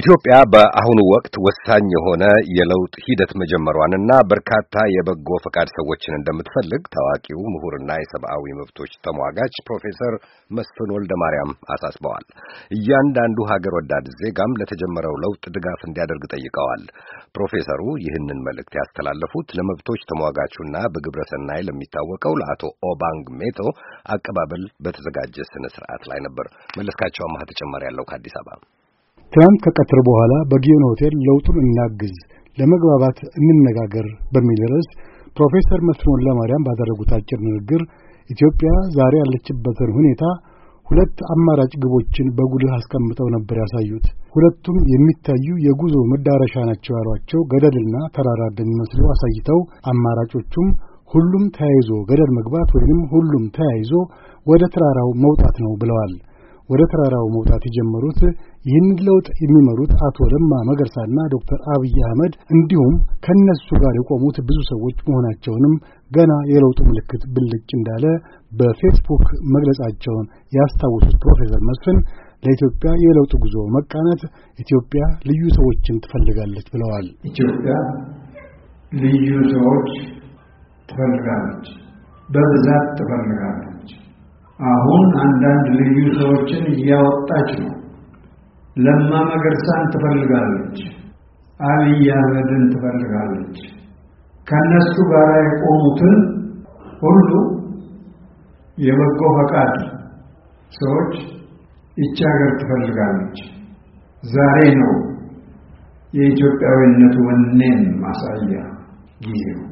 ኢትዮጵያ በአሁኑ ወቅት ወሳኝ የሆነ የለውጥ ሂደት መጀመሯንና በርካታ የበጎ ፈቃድ ሰዎችን እንደምትፈልግ ታዋቂው ምሁርና የሰብአዊ መብቶች ተሟጋች ፕሮፌሰር መስፍን ወልደ ማርያም አሳስበዋል። እያንዳንዱ ሀገር ወዳድ ዜጋም ለተጀመረው ለውጥ ድጋፍ እንዲያደርግ ጠይቀዋል። ፕሮፌሰሩ ይህንን መልእክት ያስተላለፉት ለመብቶች ተሟጋቹና በግብረሰናይ ለሚታወቀው ለአቶ ኦባንግ ሜቶ አቀባበል በተዘጋጀ ስነ ስርዓት ላይ ነበር። መለስካቸው ተጨማሪ ያለው ከአዲስ አበባ ትናንት ከቀትር በኋላ በጊዮን ሆቴል ለውጡን እናግዝ፣ ለመግባባት እንነጋገር በሚል ርዕስ ፕሮፌሰር መስፍን ለማርያም ባደረጉት አጭር ንግግር ኢትዮጵያ ዛሬ ያለችበትን ሁኔታ ሁለት አማራጭ ግቦችን በጉልህ አስቀምጠው ነበር ያሳዩት። ሁለቱም የሚታዩ የጉዞ መዳረሻ ናቸው ያሏቸው ገደልና ተራራ እንደሚመስሉ አሳይተው አማራጮቹም ሁሉም ተያይዞ ገደል መግባት ወይንም ሁሉም ተያይዞ ወደ ተራራው መውጣት ነው ብለዋል። ወደ ተራራው መውጣት የጀመሩት ይህንን ለውጥ የሚመሩት አቶ ለማ መገርሳና ዶክተር አብይ አህመድ እንዲሁም ከእነሱ ጋር የቆሙት ብዙ ሰዎች መሆናቸውንም ገና የለውጡ ምልክት ብልጭ እንዳለ በፌስቡክ መግለጻቸውን ያስታወሱት ፕሮፌሰር መስፍን ለኢትዮጵያ የለውጥ ጉዞ መቃናት ኢትዮጵያ ልዩ ሰዎችን ትፈልጋለች ብለዋል። ኢትዮጵያ ልዩ ሰዎች ትፈልጋለች፣ በብዛት ትፈልጋለች። አሁን አንዳንድ ልዩ ሰዎችን እያወጣች ነው። ለማ መገርሳን ትፈልጋለች፣ አብይ አህመድን ትፈልጋለች። ከነሱ ጋር የቆሙትን ሁሉ የበጎ ፈቃድ ሰዎች ይቺ ሀገር ትፈልጋለች። ዛሬ ነው የኢትዮጵያዊነት ወኔን ማሳያ ጊዜው።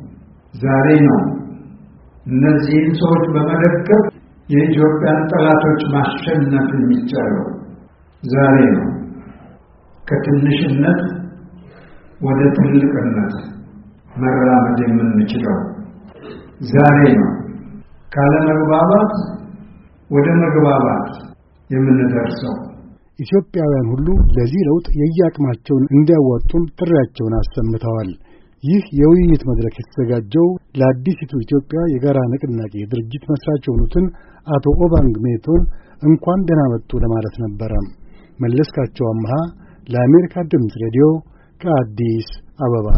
ዛሬ ነው እነዚህን ሰዎች በመደገፍ የኢትዮጵያን ጠላቶች ማሸነፍ የሚቻለው ዛሬ ነው። ከትንሽነት ወደ ትልቅነት መራመድ የምንችለው ዛሬ ነው። ካለመግባባት ወደ መግባባት የምንደርሰው ኢትዮጵያውያን ሁሉ ለዚህ ለውጥ የየአቅማቸውን እንዲያዋጡም ጥሪያቸውን አሰምተዋል። ይህ የውይይት መድረክ የተዘጋጀው ለአዲሲቱ ኢትዮጵያ የጋራ ንቅናቄ ድርጅት መስራች የሆኑትን አቶ ኦባንግ ሜቶን እንኳን ደህና መጡ ለማለት ነበረ። መለስካቸው አምሃ ለአሜሪካ ድምፅ ሬዲዮ ከአዲስ አበባ